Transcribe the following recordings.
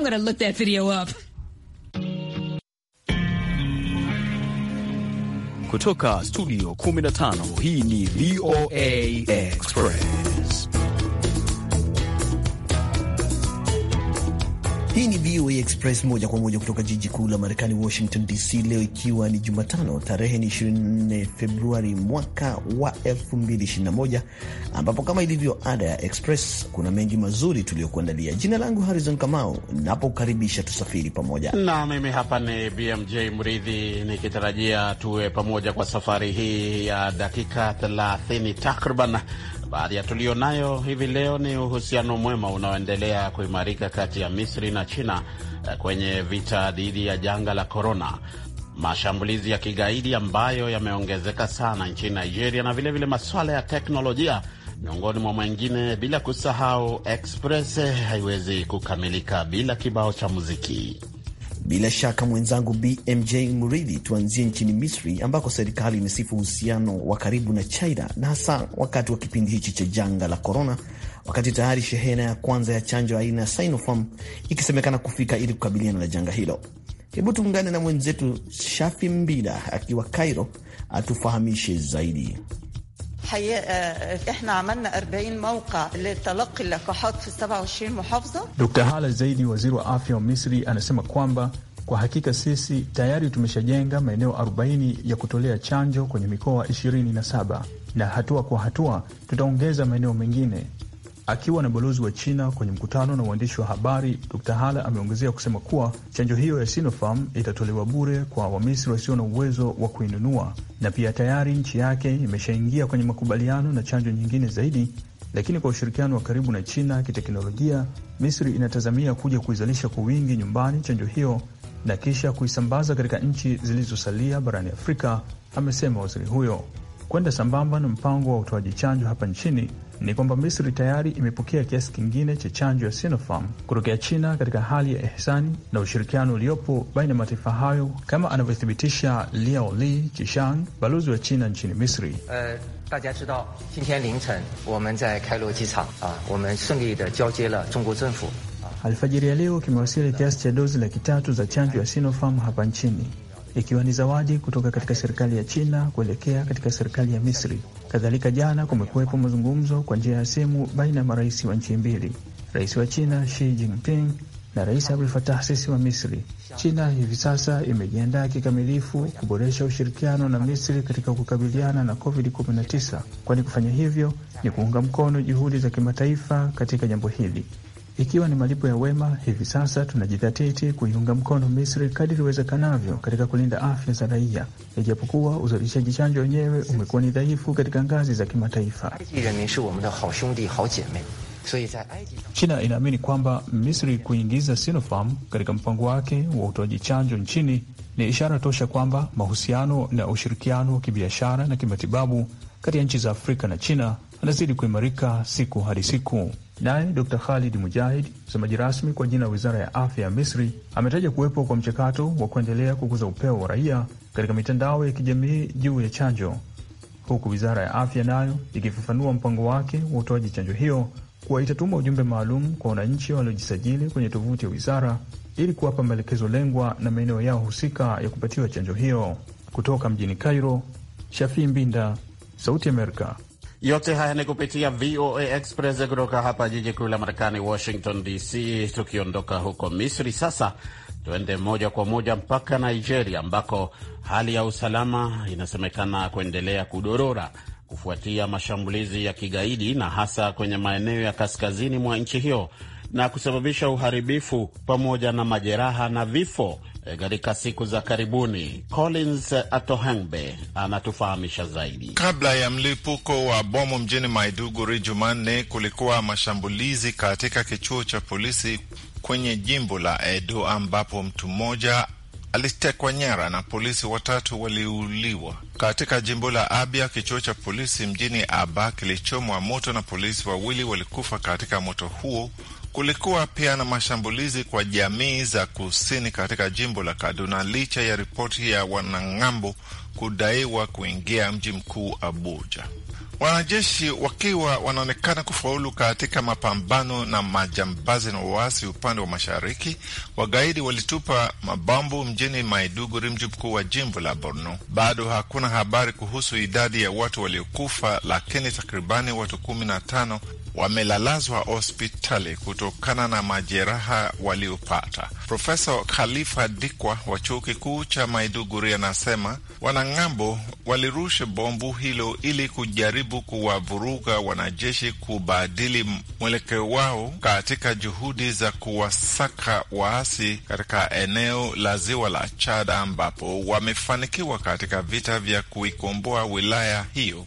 I'm going to look that video up. Kutoka studio 15 hii ni VOA Express. Hii ni VOA Express moja kwa moja kutoka jiji kuu la Marekani, Washington DC, leo ikiwa ni Jumatano tarehe ni 24 Februari mwaka wa 2021, ambapo kama ilivyo ada ya Express kuna mengi mazuri tuliyokuandalia. Jina langu Harrison Kamau, napokaribisha tusafiri pamoja na mimi hapa ni BMJ Mridhi, nikitarajia tuwe pamoja kwa safari hii ya dakika 30 takriban Baadhi ya tuliyonayo hivi leo ni uhusiano mwema unaoendelea kuimarika kati ya Misri na China eh, kwenye vita dhidi ya janga la korona, mashambulizi ya kigaidi ambayo yameongezeka sana nchini Nigeria na vilevile masuala ya teknolojia miongoni mwa mwengine, bila kusahau Express eh, haiwezi kukamilika bila kibao cha muziki. Bila shaka mwenzangu BMJ Muridhi, tuanzie nchini Misri ambako serikali imesifu uhusiano wa karibu na China na hasa wakati wa kipindi hichi cha janga la korona, wakati tayari shehena ya kwanza ya chanjo aina ya Sinopharm ikisemekana kufika ili kukabiliana na janga hilo. Hebu tuungane na mwenzetu Shafi Mbida akiwa Cairo atufahamishe zaidi. احنا عملنا 40 موقع اللقاحات في 27 محافظه. Dr. Hala Zaidi, waziri wa afya wa Misri, anasema kwamba kwa hakika sisi tayari tumeshajenga maeneo 40 ya kutolea chanjo kwenye mikoa 27 na hatua kwa hatua tutaongeza maeneo mengine Akiwa na balozi wa China kwenye mkutano na waandishi wa habari, Dr Hala ameongezea kusema kuwa chanjo hiyo ya Sinopharm itatolewa bure kwa Wamisri wasio na uwezo wa kuinunua, na pia tayari nchi yake imeshaingia kwenye makubaliano na chanjo nyingine zaidi lakini kwa ushirikiano wa karibu na China kiteknolojia, Misri inatazamia kuja kuizalisha kwa wingi nyumbani chanjo hiyo na kisha kuisambaza katika nchi zilizosalia barani Afrika, amesema waziri huyo, kwenda sambamba na mpango wa utoaji chanjo hapa nchini ni kwamba Misri tayari imepokea kiasi kingine cha chanjo ya Sinopharm kutokea China katika hali ya ihsani na ushirikiano uliopo baina ya mataifa hayo, kama anavyothibitisha Liao Li Jishang, balozi wa China nchini Misri. Uh, alfajiri ya leo kimewasili kiasi cha dozi laki tatu za chanjo ya Sinopharm hapa nchini ikiwa ni zawadi kutoka katika serikali ya China kuelekea katika serikali ya Misri. Kadhalika, jana kumekuwepo mazungumzo kwa njia ya simu baina ya marais wa nchi mbili, rais wa China Xi Jinping na rais abdul fatah Sisi wa Misri. China hivi sasa imejiandaa kikamilifu kuboresha ushirikiano na Misri katika kukabiliana na COVID-19, kwani kufanya hivyo ni kuunga mkono juhudi za kimataifa katika jambo hili ikiwa ni malipo ya wema. Hivi sasa tunajidhatiti kuiunga mkono Misri kadiri iwezekanavyo katika kulinda afya za raia, ijapokuwa uzalishaji chanjo wenyewe umekuwa ni dhaifu katika ngazi za kimataifa. China inaamini kwamba Misri kuingiza Sinopharm katika mpango wake wa utoaji chanjo nchini ni ishara tosha kwamba mahusiano na ushirikiano wa kibiashara na kimatibabu kati ya nchi za Afrika na China anazidi kuimarika siku hadi siku. Naye Dr Khalid Mujahid, msemaji rasmi kwa jina ya wizara ya afya ya Misri, ametaja kuwepo kwa mchakato wa kuendelea kukuza upeo wa raia katika mitandao ya kijamii juu ya chanjo, huku wizara ya afya nayo ikifafanua mpango wake wa utoaji chanjo hiyo kuwa itatuma ujumbe maalum kwa wananchi waliojisajili kwenye tovuti ya wizara ili kuwapa maelekezo lengwa na maeneo yao husika ya kupatiwa chanjo hiyo. Kutoka mjini Cairo, Shafii Mbinda, Sauti Amerika. Yote haya ni kupitia VOA Express kutoka hapa jiji kuu la Marekani, Washington DC. Tukiondoka huko Misri sasa tuende moja kwa moja mpaka Nigeria ambako hali ya usalama inasemekana kuendelea kudorora kufuatia mashambulizi ya kigaidi na hasa kwenye maeneo ya kaskazini mwa nchi hiyo na kusababisha uharibifu pamoja na majeraha na vifo eh, katika siku za karibuni. Collins eh, Atohengbe anatufahamisha zaidi. Kabla ya mlipuko wa bomu mjini Maiduguri Jumanne, kulikuwa mashambulizi katika kichuo cha polisi kwenye jimbo la Edo ambapo mtu mmoja alitekwa nyara na polisi watatu waliuliwa. Katika jimbo la Abia, kichuo cha polisi mjini Aba kilichomwa moto na polisi wawili walikufa katika moto huo Kulikuwa pia na mashambulizi kwa jamii za kusini katika jimbo la Kaduna licha ya ripoti ya wanang'ambo kudaiwa kuingia mji mkuu Abuja. Wanajeshi wakiwa wanaonekana kufaulu katika mapambano na majambazi na waasi upande wa mashariki, wagaidi walitupa mabambu mjini Maiduguri, mji mkuu wa jimbo la Borno. Bado hakuna habari kuhusu idadi ya watu waliokufa, lakini takribani watu kumi na tano wamelalazwa hospitali kutokana na majeraha waliopata. Profesa Khalifa Dikwa wa chuo kikuu cha Maiduguri anasema wanang'ambo walirusha bombu hilo ili kujaribu kuwavuruga wanajeshi kubadili mwelekeo wao katika juhudi za kuwasaka waasi katika eneo la ziwa la Chad ambapo wamefanikiwa katika vita vya kuikomboa wilaya hiyo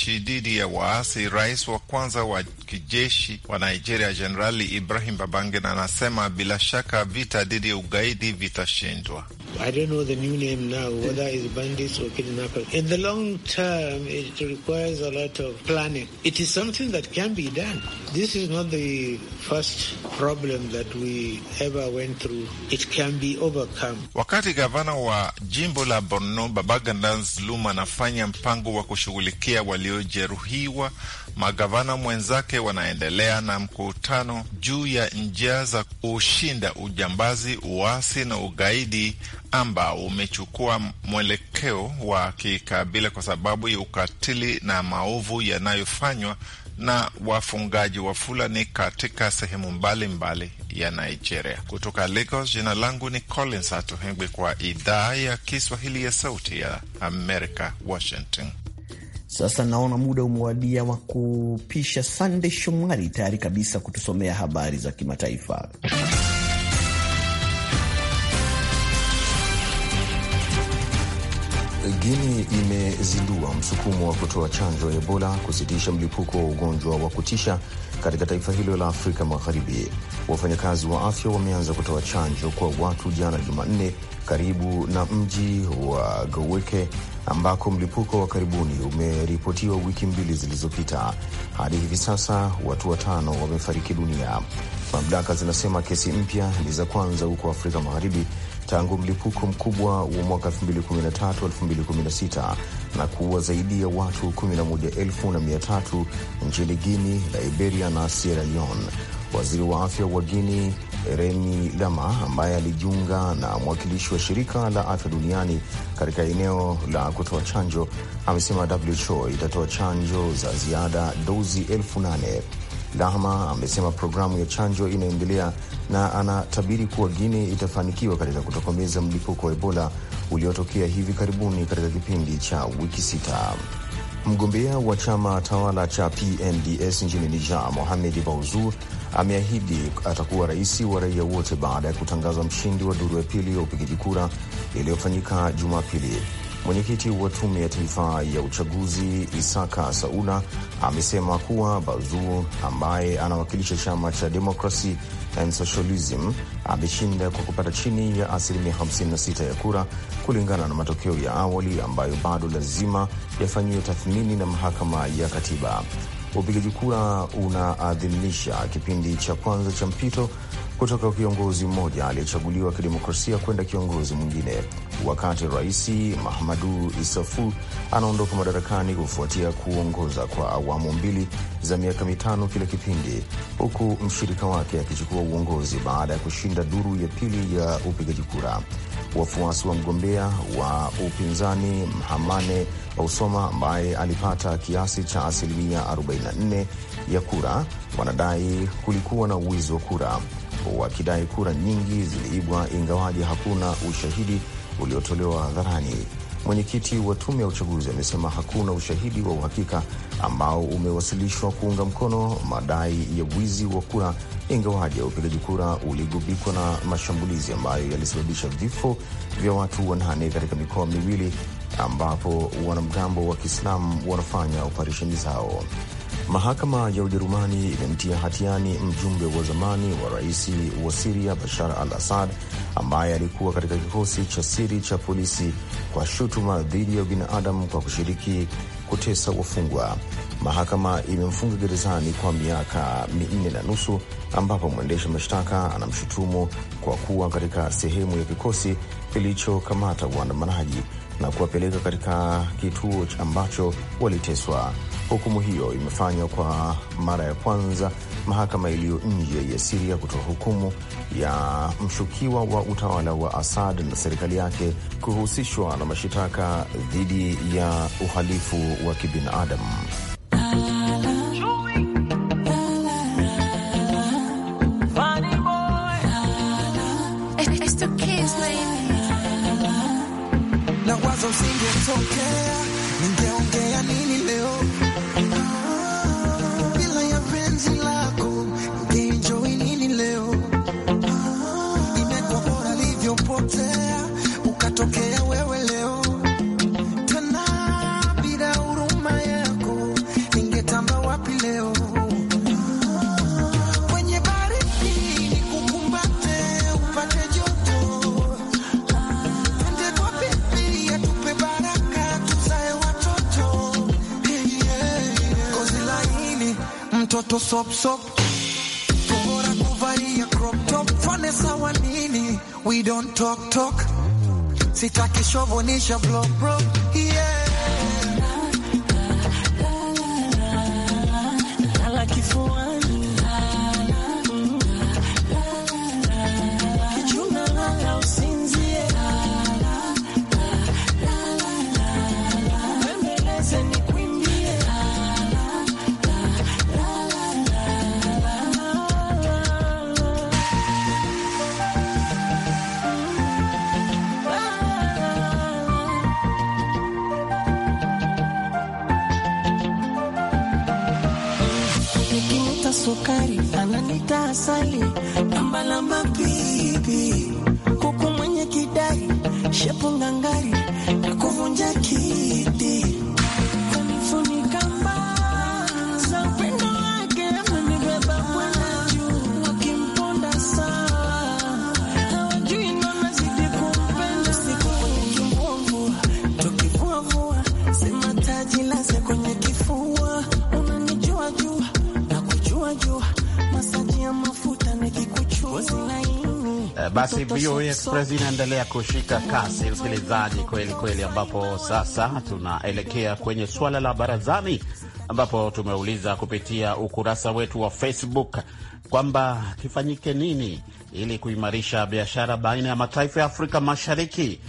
kijeshi dhidi ya waasi, rais wa kwanza wa kijeshi wa Nigeria Jenerali Ibrahim Babangida anasema bila shaka vita dhidi ya ugaidi vitashindwa. I don't know the new name now, whether it's bandits or kidnappers. In the long term, it requires a lot of planning. It is something that can be done. This is not the first problem that we ever went through. It can be overcome. Wakati gavana wa jimbo la Borno Babagana Zulum anafanya mpango wa kushughulikia waliojeruhiwa, magavana mwenzake wanaendelea na mkutano juu ya njia za kushinda ujambazi, uasi na ugaidi amba umechukua mwelekeo wa kikabila kwa sababu ya ukatili na maovu yanayofanywa na wafungaji wa Fulani katika sehemu mbalimbali ya Nigeria. Kutoka Lagos, jina langu ni Collins Atohengwi kwa idhaa ya Kiswahili ya Sauti ya Amerika, Washington. Sasa naona muda umewadia wa kupisha sande Shomari tayari kabisa kutusomea habari za kimataifa. gini imezindua msukumo wa kutoa chanjo ya Ebola kusitisha mlipuko wa ugonjwa wa kutisha katika taifa hilo la Afrika Magharibi. Wafanyakazi wa afya wameanza kutoa chanjo kwa watu jana Jumanne, karibu na mji wa Goweke ambako mlipuko wa karibuni umeripotiwa wiki mbili zilizopita. Hadi hivi sasa watu watano wamefariki dunia. Mamlaka zinasema kesi mpya ni za kwanza huko Afrika Magharibi tangu mlipuko mkubwa wa mwaka 2013 2016 na kuua zaidi ya watu 11,300 nchini Guini, Liberia na Sierra Leone. Waziri wa afya wa Guini Remi Lama, ambaye alijiunga na mwakilishi wa shirika la afya duniani katika eneo la kutoa chanjo, amesema WHO itatoa chanjo za ziada dozi elfu nane Dahma amesema programu ya chanjo inaendelea na anatabiri kuwa guine itafanikiwa katika kutokomeza mlipuko wa Ebola uliotokea hivi karibuni katika kipindi cha wiki sita. Mgombea wa chama tawala cha PNDS nchini Niger, Mohamed Bazoum ameahidi atakuwa rais wa raia wote baada ya kutangazwa mshindi wa duru ya pili ya upigaji kura iliyofanyika Jumapili. Mwenyekiti wa Tume ya Taifa ya Uchaguzi Isaka Sauna amesema kuwa Bazoum ambaye anawakilisha chama cha Democracy and Socialism ameshinda kwa kupata chini ya asilimia 56 ya kura kulingana na matokeo ya awali ambayo bado lazima yafanyiwe tathmini na Mahakama ya Katiba. Upigaji kura unaadhimisha kipindi cha kwanza cha mpito kutoka kiongozi mmoja aliyechaguliwa kidemokrasia kwenda kiongozi mwingine, wakati Rais Mahamadu Isafu anaondoka madarakani kufuatia kuongoza kwa awamu mbili za miaka mitano kila kipindi, huku mshirika wake akichukua uongozi baada ya kushinda duru ya pili ya upigaji kura. Wafuasi wa mgombea wa upinzani Mhamane ausoma ambaye alipata kiasi cha asilimia 44 ya kura wanadai kulikuwa na uwizi wa kura wakidai kura nyingi ziliibwa, ingawaji hakuna ushahidi uliotolewa hadharani. Mwenyekiti wa tume ya uchaguzi amesema hakuna ushahidi wa uhakika ambao umewasilishwa kuunga mkono madai ya wizi wa kura, ingawaji upigaji kura uligubikwa na mashambulizi ambayo yalisababisha vifo vya watu wanane katika mikoa miwili ambapo wanamgambo wa Kiislamu wanafanya operesheni zao. Mahakama ya Ujerumani imemtia hatiani mjumbe wa zamani wa rais wa Siria Bashar al Assad ambaye alikuwa katika kikosi cha siri cha polisi kwa shutuma dhidi ya ubinadamu kwa kushiriki kutesa wafungwa. Mahakama imemfunga gerezani kwa miaka minne na nusu, ambapo mwendesha mashtaka anamshutumu kwa kuwa katika sehemu ya kikosi kilichokamata waandamanaji na kuwapeleka katika kituo ambacho waliteswa. Hukumu hiyo imefanywa kwa mara ya kwanza mahakama iliyo nje ya Siria kutoa hukumu ya mshukiwa wa utawala wa Asad na serikali yake kuhusishwa na mashitaka dhidi ya uhalifu wa kibinadamu na wazo usingetokea, ningeongea nini leo? moto sop sop, bora kuvalia crop top, fane sawa nini, we don't talk talk, sitaki shovonisha block block Basi VOA Express inaendelea kushika kasi, msikilizaji, kweli kweli, ambapo sasa tunaelekea kwenye suala la barazani, ambapo tumeuliza kupitia ukurasa wetu wa Facebook kwamba kifanyike nini ili kuimarisha biashara baina ya mataifa ya Afrika Mashariki.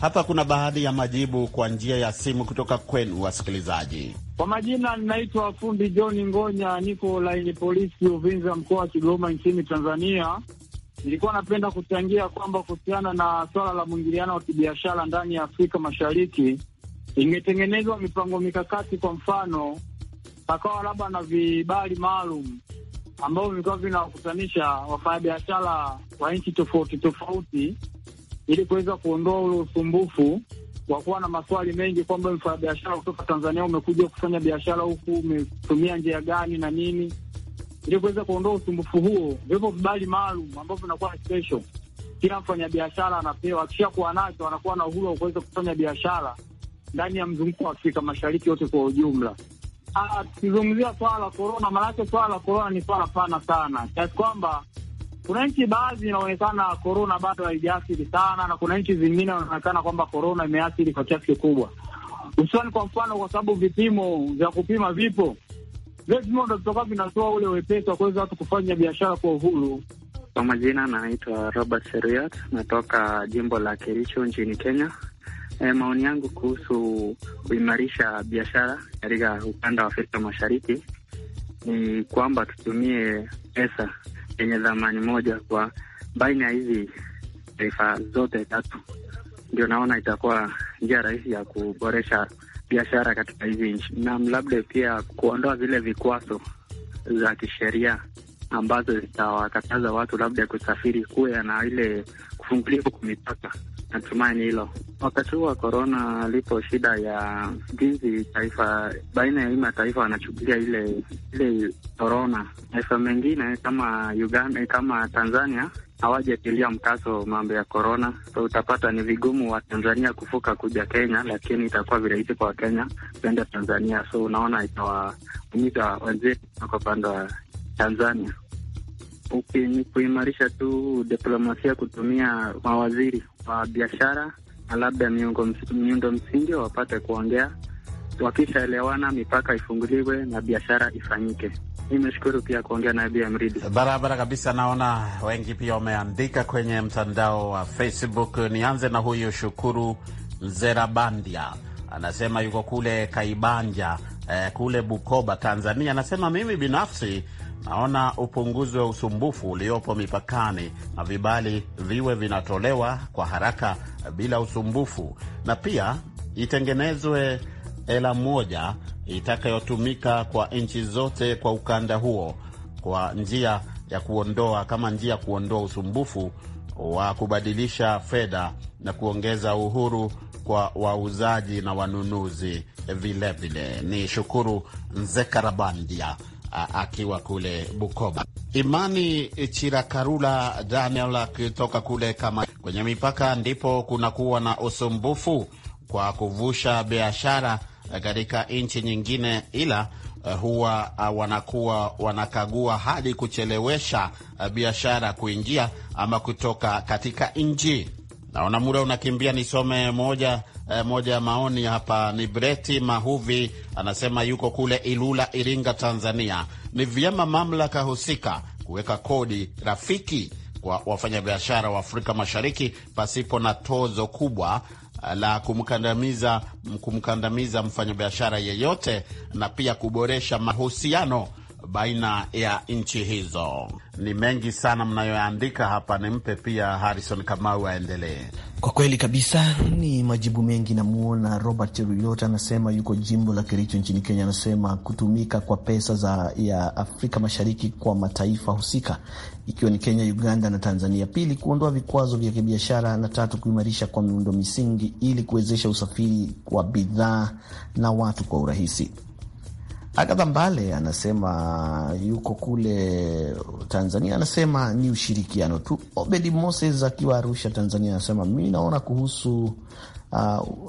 Hapa kuna baadhi ya majibu kwa njia ya simu kutoka kwenu wasikilizaji. Kwa majina ninaitwa fundi John Ngonya, niko laini polisi Uvinza, mkoa wa Kigoma, nchini Tanzania nilikuwa napenda kuchangia kwamba kuhusiana na swala la mwingiliano wa kibiashara ndani ya Afrika Mashariki, ingetengenezwa mipango mikakati, kwa mfano pakawa labda na vibali maalum ambavyo vilikuwa vinawakutanisha wafanyabiashara wa nchi tofauti tofauti, ili kuweza kuondoa ule usumbufu wa kuwa na maswali mengi kwamba mfanyabiashara kutoka Tanzania umekuja kufanya biashara huku umetumia njia gani na nini ili kuweza kuondoa usumbufu huo, vipo vibali maalum ambavyo vinakuwa special, kila mfanyabiashara anapewa. Akisha kuwa nacho anakuwa na uhuru wa kuweza kufanya biashara ndani ya mzunguko wa Afrika Mashariki yote kwa ujumla. Ah, tukizungumzia swala la korona, maanake swala la korona ni swala pana sana, kiasi kwamba kuna nchi baadhi inaonekana korona bado haijaathiri sana, na kuna nchi zingine inaonekana kwamba korona imeathiri kwa kiasi kikubwa, hususani kwa mfano, kwa sababu vipimo vya kupima vipo lazima unatoka vinatoa ule wepesi wa kuweza watu kufanya biashara kwa uhuru. Kwa majina naitwa Robert Seriat, natoka jimbo la Kericho nchini Kenya. E, maoni yangu kuhusu kuimarisha biashara katika ukanda wa Afrika Mashariki ni kwamba tutumie pesa yenye dhamani moja kwa baina ya hizi taifa zote tatu, ndio naona itakuwa njia rahisi ya kuboresha biashara katika hizi nchi, na labda pia kuondoa zile vikwazo za kisheria ambazo zitawakataza watu labda kusafiri, kuwe na ile kufunguliwa kwa mipaka. Natumaini hilo. Wakati huu wa korona, lipo shida ya jinsi taifa baina ya hii mataifa wanachukulia ile ile korona. Taifa mengine kama Uganda, kama Tanzania hawajatilia mkazo mambo ya korona, so utapata ni vigumu Watanzania kuvuka kuja Kenya, lakini itakuwa virahisi kwa Wakenya kuenda Tanzania. So unaona itawaumiza wenzetu kutoka upande wa Tanzania. Ni kuimarisha tu diplomasia, kutumia mawaziri wa biashara na labda miundo msingi wapate kuongea, wakishaelewana mipaka ifunguliwe na biashara ifanyike. Nimeshukuru pia kuongea na Bia Mridi, barabara kabisa. Naona wengi pia wameandika kwenye mtandao wa Facebook. Nianze na huyu Shukuru Mzerabandia, anasema yuko kule Kaibanja eh, kule Bukoba, Tanzania. Anasema mimi binafsi naona upunguzi wa usumbufu uliopo mipakani na vibali viwe vinatolewa kwa haraka bila usumbufu, na pia itengenezwe ela moja itakayotumika kwa nchi zote kwa ukanda huo kwa njia ya kuondoa kama njia ya kuondoa usumbufu wa kubadilisha fedha na kuongeza uhuru kwa wauzaji na wanunuzi vilevile. Ni shukuru Nzekarabandia akiwa kule Bukoba. Imani Chirakarula Daniel akitoka kule kama kwenye mipaka ndipo kunakuwa na usumbufu kwa kuvusha biashara katika nchi nyingine, ila eh, huwa eh, wanakuwa wanakagua hadi kuchelewesha eh, biashara kuingia ama kutoka katika nchi. Naona muda unakimbia, nisome moja eh, moja ya maoni hapa. Ni Breti Mahuvi anasema yuko kule Ilula, Iringa, Tanzania. Ni vyema mamlaka husika kuweka kodi rafiki kwa wafanyabiashara wa Afrika Mashariki pasipo na tozo kubwa, la kumkandamiza, kumkandamiza mfanyabiashara yeyote na pia kuboresha mahusiano baina ya nchi hizo. Ni mengi sana mnayoandika hapa, nimpe pia Harrison Kamau aendelee. Kwa kweli kabisa ni majibu mengi. Namwona Robert Cheruiyot anasema yuko jimbo la Kericho nchini Kenya, anasema kutumika kwa pesa za ya Afrika Mashariki kwa mataifa husika ikiwa ni Kenya, Uganda na Tanzania; pili, kuondoa vikwazo vya kibiashara; na tatu, kuimarisha kwa miundo misingi ili kuwezesha usafiri wa bidhaa na watu kwa urahisi. Agatha Mbale anasema yuko kule Tanzania, anasema ni ushirikiano tu. Obedi Moses akiwa Arusha, Tanzania, anasema mi naona kuhusu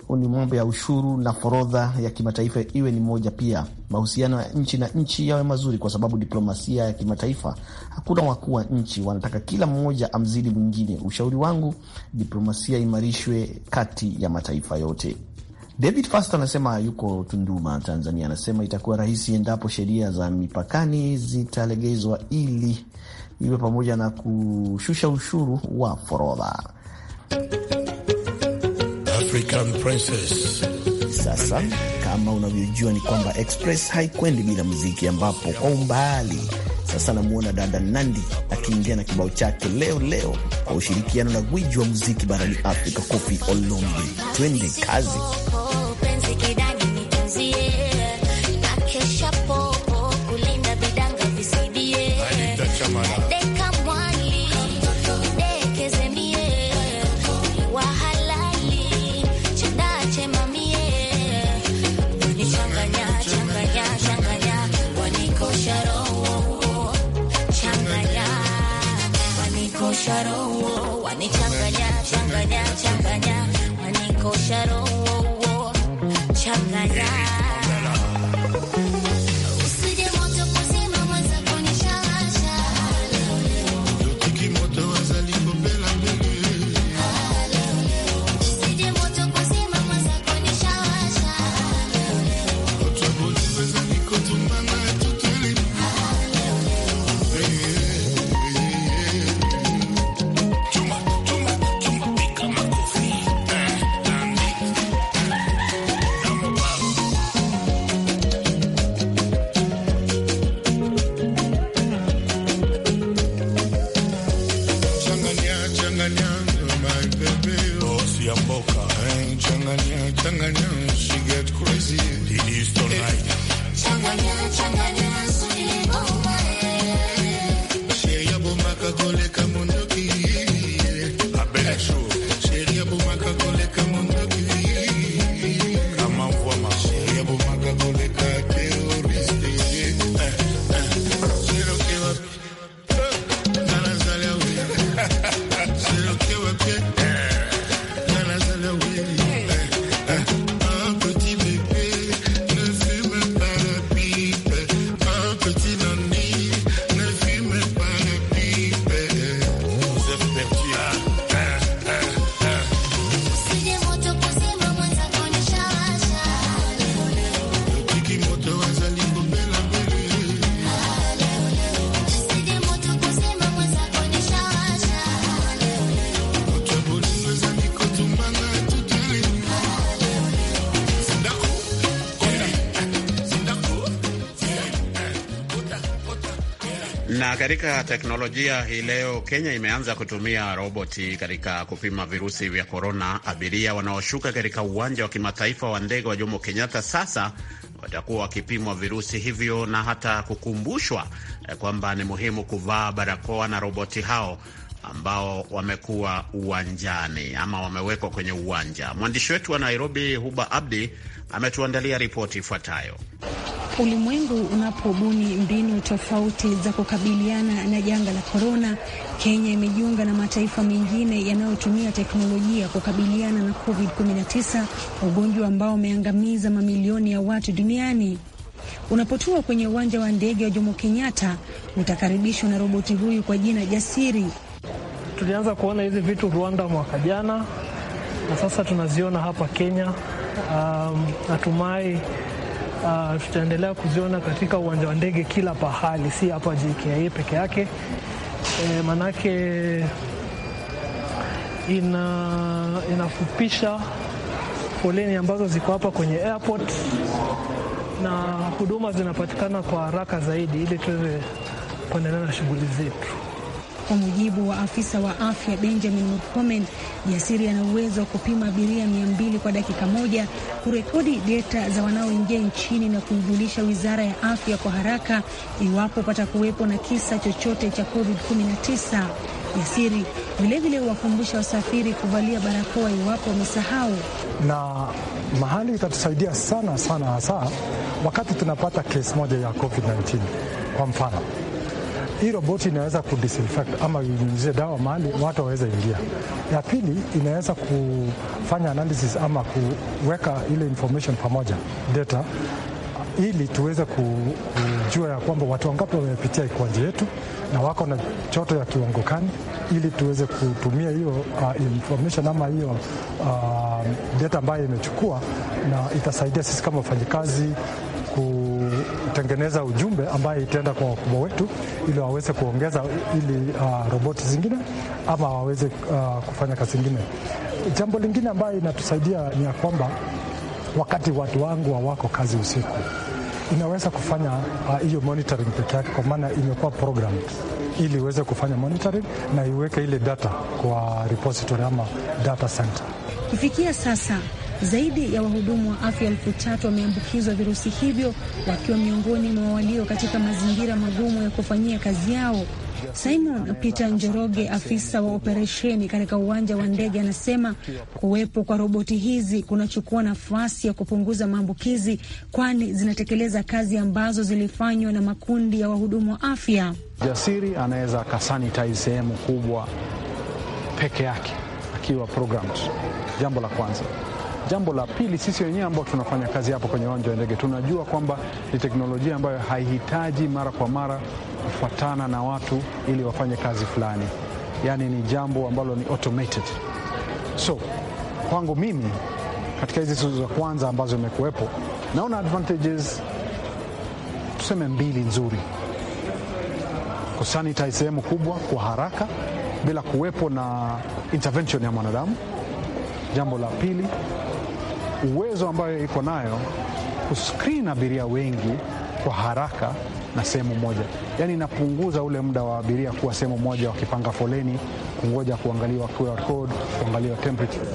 uh, ni mambo ya ushuru na forodha ya kimataifa iwe ni moja pia. Mahusiano ya nchi na nchi yawe mazuri, kwa sababu diplomasia ya kimataifa hakuna wakuu wa nchi, wanataka kila mmoja amzidi mwingine. Ushauri wangu diplomasia imarishwe kati ya mataifa yote. David Fast anasema yuko Tunduma, Tanzania. Anasema itakuwa rahisi endapo sheria za mipakani zitalegezwa ili iwe pamoja na kushusha ushuru wa forodha. Sasa kama unavyojua ni kwamba Express haikwendi bila muziki, ambapo kwa umbali sasa namuona dada Nandi akiingia na kibao chake leo leo kwa ushirikiano na gwiji wa muziki barani Afrika, Koffi Olomide. Twende kazi. Katika teknolojia hii leo, Kenya imeanza kutumia roboti katika kupima virusi vya korona. Abiria wanaoshuka katika uwanja wa kimataifa wa ndege wa Jomo Kenyatta sasa watakuwa wakipimwa virusi hivyo na hata kukumbushwa eh, kwamba ni muhimu kuvaa barakoa na roboti hao ambao wamekuwa uwanjani ama wamewekwa kwenye uwanja. Mwandishi wetu wa Nairobi, Huba Abdi, ametuandalia ripoti ifuatayo. Ulimwengu unapobuni mbinu tofauti za kukabiliana na janga la korona, Kenya imejiunga na mataifa mengine yanayotumia teknolojia kukabiliana na COVID-19, ugonjwa ambao umeangamiza mamilioni ya watu duniani. Unapotua kwenye uwanja wa ndege wa Jomo Kenyatta, utakaribishwa na roboti huyu kwa jina Jasiri. Tulianza kuona hizi vitu Rwanda mwaka jana na sasa tunaziona hapa Kenya. Um, natumai uh, tutaendelea kuziona katika uwanja wa ndege kila pahali, si hapa JKIA peke yake e, manake ina, inafupisha foleni ambazo ziko hapa kwenye airport na huduma zinapatikana kwa haraka zaidi ili tuweze kuendelea na shughuli zetu. Kwa mujibu wa afisa wa afya Benjamin Mcomen, Jasiri ana uwezo wa kupima abiria mia mbili kwa dakika moja, kurekodi deta za wanaoingia nchini na kuijulisha wizara ya afya kwa haraka iwapo patakuwepo na kisa chochote cha COVID-19. Jasiri vilevile huwakumbusha wasafiri kuvalia barakoa iwapo wamesahau. Na mahali itatusaidia sana sana, hasa wakati tunapata kesi moja ya COVID-19 kwa mfano hii roboti inaweza ku ama inyunyizie dawa mahali watu waweze ingia. Ya pili inaweza kufanya analysis ama kuweka ile information pamoja data ili tuweze kujua ya kwamba watu wangapi wamepitia ikwanji yetu na wako na choto ya kiwango gani, ili tuweze kutumia hiyo uh, information ama hiyo uh, data ambayo imechukua, na itasaidia sisi kama wafanyikazi kutengeneza ujumbe ambaye itaenda kwa wakubwa wetu ili waweze kuongeza ili uh, roboti zingine ama waweze uh, kufanya kazi ingine. Jambo lingine ambayo inatusaidia ni ya kwamba wakati watu wangu hawako kazi usiku, inaweza kufanya ah, hiyo uh, monitoring peke yake, kwa maana imekuwa program ili iweze kufanya monitoring na iweke ile data kwa repository ama data center. Kufikia sasa zaidi ya wahudumu wa afya elfu tatu wameambukizwa virusi hivyo wakiwa miongoni mwa walio katika mazingira magumu ya kufanyia kazi yao. Simon Peter Njoroge, afisa wa operesheni katika uwanja wa ndege, anasema kuwepo kwa roboti hizi kunachukua nafasi ya kupunguza maambukizi, kwani zinatekeleza kazi ambazo zilifanywa na makundi ya wahudumu wa afya. Jasiri anaweza akasanitize sehemu kubwa peke yake akiwa programmed. Jambo la kwanza Jambo la pili, sisi wenyewe ambao tunafanya kazi hapo kwenye uwanja wa ndege tunajua kwamba ni teknolojia ambayo haihitaji mara kwa mara kufuatana na watu ili wafanye kazi fulani, yaani ni jambo ambalo ni automated. So kwangu mimi katika hizi siku za kwanza ambazo imekuwepo, naona advantages tuseme mbili nzuri: kusanitize sehemu kubwa kwa haraka bila kuwepo na intervention ya mwanadamu. Jambo la pili uwezo ambayo iko nayo kuskrini abiria wengi kwa haraka na sehemu moja, yaani inapunguza ule muda wa abiria kuwa sehemu moja wakipanga foleni kungoja kuangaliwa QR code, kuangaliwa temperature.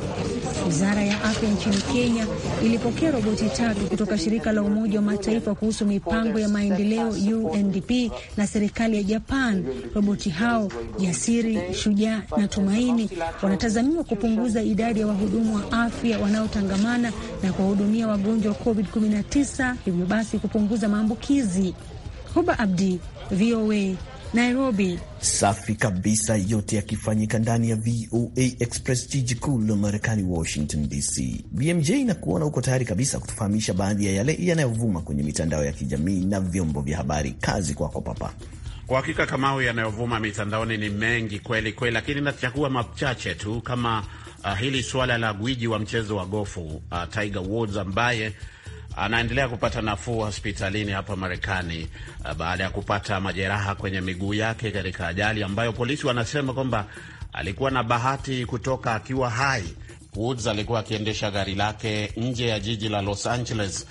Wizara ya afya nchini Kenya ilipokea roboti tatu kutoka shirika la Umoja wa Mataifa kuhusu mipango ya maendeleo UNDP na serikali ya Japan. Roboti hao Jasiri, Shujaa na Tumaini wanatazamiwa kupunguza idadi ya wahudumu wa afya wanaotangamana na kuwahudumia wagonjwa wa COVID-19, hivyo basi kupunguza maambukizi. Huba Abdi, VOA Nairobi. Safi kabisa, yote yakifanyika ndani ya VOA Express, jiji kuu la Marekani, Washington DC. BMJ na kuona uko tayari kabisa kutufahamisha baadhi ya yale yanayovuma kwenye mitandao ya kijamii na vyombo vya habari. Kazi kwako papa. Kwa hakika Kamau, yanayovuma mitandaoni ni mengi kweli kweli, lakini nachagua machache tu kama uh, hili suala la gwiji wa mchezo wa gofu uh, Tiger Woods ambaye anaendelea kupata nafuu hospitalini hapa Marekani uh, baada ya kupata majeraha kwenye miguu yake katika ajali ambayo polisi wanasema kwamba alikuwa na bahati kutoka akiwa hai. Woods alikuwa akiendesha gari lake nje ya jiji la Los Angeles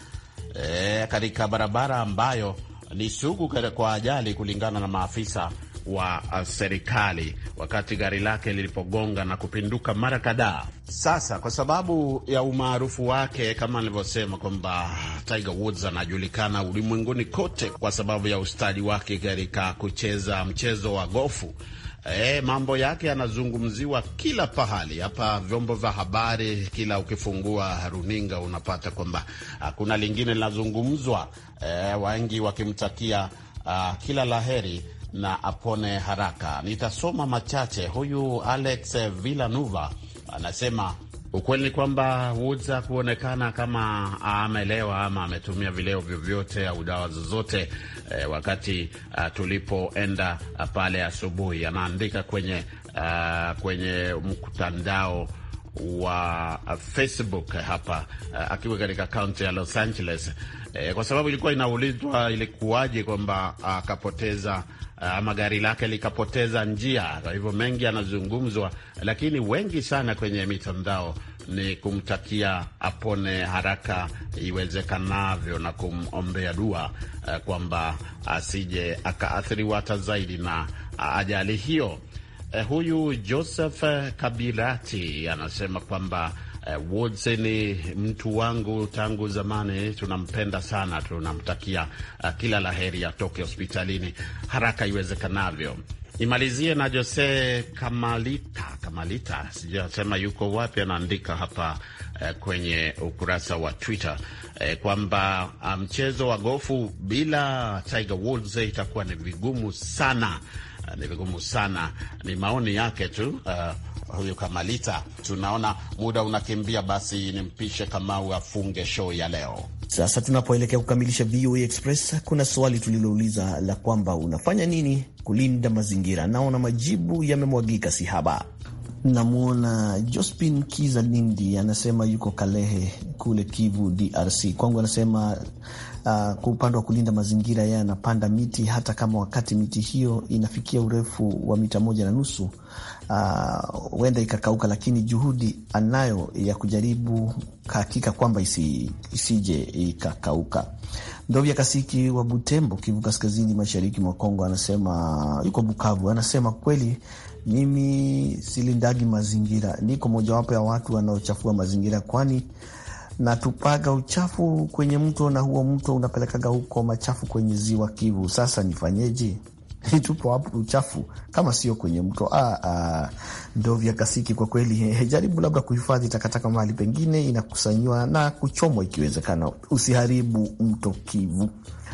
e, katika barabara ambayo ni sugu kwa ajali kulingana na maafisa wa uh, serikali wakati gari lake lilipogonga na kupinduka mara kadhaa. Sasa kwa sababu ya umaarufu wake, kama alivyosema kwamba Tiger Woods anajulikana ulimwenguni kote kwa sababu ya ustadi wake katika kucheza mchezo wa gofu. E, mambo yake yanazungumziwa kila pahali, hapa vyombo vya habari, kila ukifungua runinga unapata kwamba uh, kuna lingine linazungumzwa, e, wengi wakimtakia uh, kila laheri na apone haraka. Nitasoma machache. Huyu Alex Villanuva anasema ukweli ni kwamba Woods kuonekana kama amelewa ama ametumia vileo vyovyote au dawa zozote e, wakati a, ah, tulipoenda ah, pale asubuhi. Anaandika kwenye ah, kwenye mtandao wa Facebook hapa uh, akiwa katika kaunti ya Los Angeles uh, kwa sababu ilikuwa inaulizwa ilikuwaje kwamba akapoteza uh, uh, ama gari lake likapoteza njia. Kwa hivyo mengi yanazungumzwa, lakini wengi sana kwenye mitandao ni kumtakia apone haraka iwezekanavyo na kumombea dua kwamba asije akaathiriwa hata zaidi na ajali hiyo eh, huyu Joseph eh, Kabilati anasema kwamba eh, Woods ni mtu wangu tangu zamani, tunampenda sana, tunamtakia eh, kila laheri, atoke hospitalini haraka iwezekanavyo. Nimalizie na Jose Kamalita, Kamalita sijasema yuko wapi, anaandika hapa eh, kwenye ukurasa wa Twitter eh, kwamba ah, mchezo um, wa gofu bila Tiger Woods itakuwa ni vigumu sana Ah, ni vigumu sana. Ni maoni yake tu uh, huyu Kamalita. Tunaona muda unakimbia, basi nimpishe Kamau afunge show ya leo. Sasa tunapoelekea kukamilisha VOA Express, kuna swali tulilouliza la kwamba unafanya nini kulinda mazingira. Naona majibu yamemwagika si haba Namwona Jospin Kiza Lindi anasema yuko Kalehe kule Kivu, DRC. Kwangu anasema Uh, kwa upande wa kulinda mazingira, yeye anapanda miti hata kama wakati miti hiyo inafikia urefu wa mita moja na nusu ah, huenda uh, ikakauka, lakini juhudi anayo ya kujaribu hakika kwamba isi, isije ikakauka. Ndovya Kasiki wa Butembo, Kivu Kaskazini, mashariki mwa Kongo, anasema yuko Bukavu, anasema kweli mimi silindagi mazingira, niko mojawapo ya watu wanaochafua mazingira, kwani natupaga uchafu kwenye mto na huo mto unapelekaga huko machafu kwenye ziwa Kivu. Sasa nifanyeje? Tupo hapo uchafu kama sio kwenye mto ah, ah, ndo vya kasiki kwa kweli. Jaribu labda kuhifadhi takataka mahali pengine, inakusanywa na kuchomwa ikiwezekana. Usiharibu mto Kivu,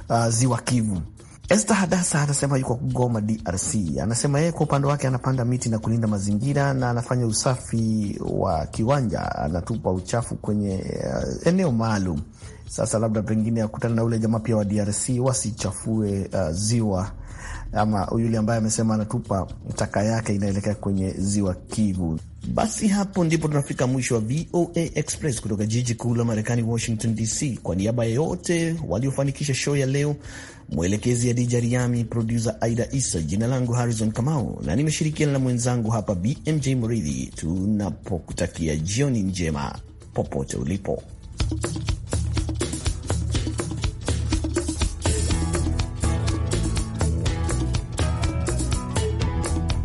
ah, ziwa Kivu. Esther Hadasa anasema yuko Goma, DRC. Anasema yeye kwa upande wake anapanda miti na kulinda mazingira na anafanya usafi wa kiwanja, anatupa uchafu kwenye uh, eneo maalum. Sasa labda pengine akutana na ule jamaa pia wa DRC wasichafue uh, ziwa ama yule ambaye amesema anatupa taka yake inaelekea kwenye ziwa Kivu. Basi hapo ndipo tunafika mwisho wa VOA Express kutoka jiji kuu la Marekani, Washington DC. Kwa niaba yote waliofanikisha show ya leo, mwelekezi Adija Riami, produsa Aida Isa. Jina langu Harrison Kamau na nimeshirikiana na mwenzangu hapa BMJ mridhi tunapokutakia jioni njema popote ulipo.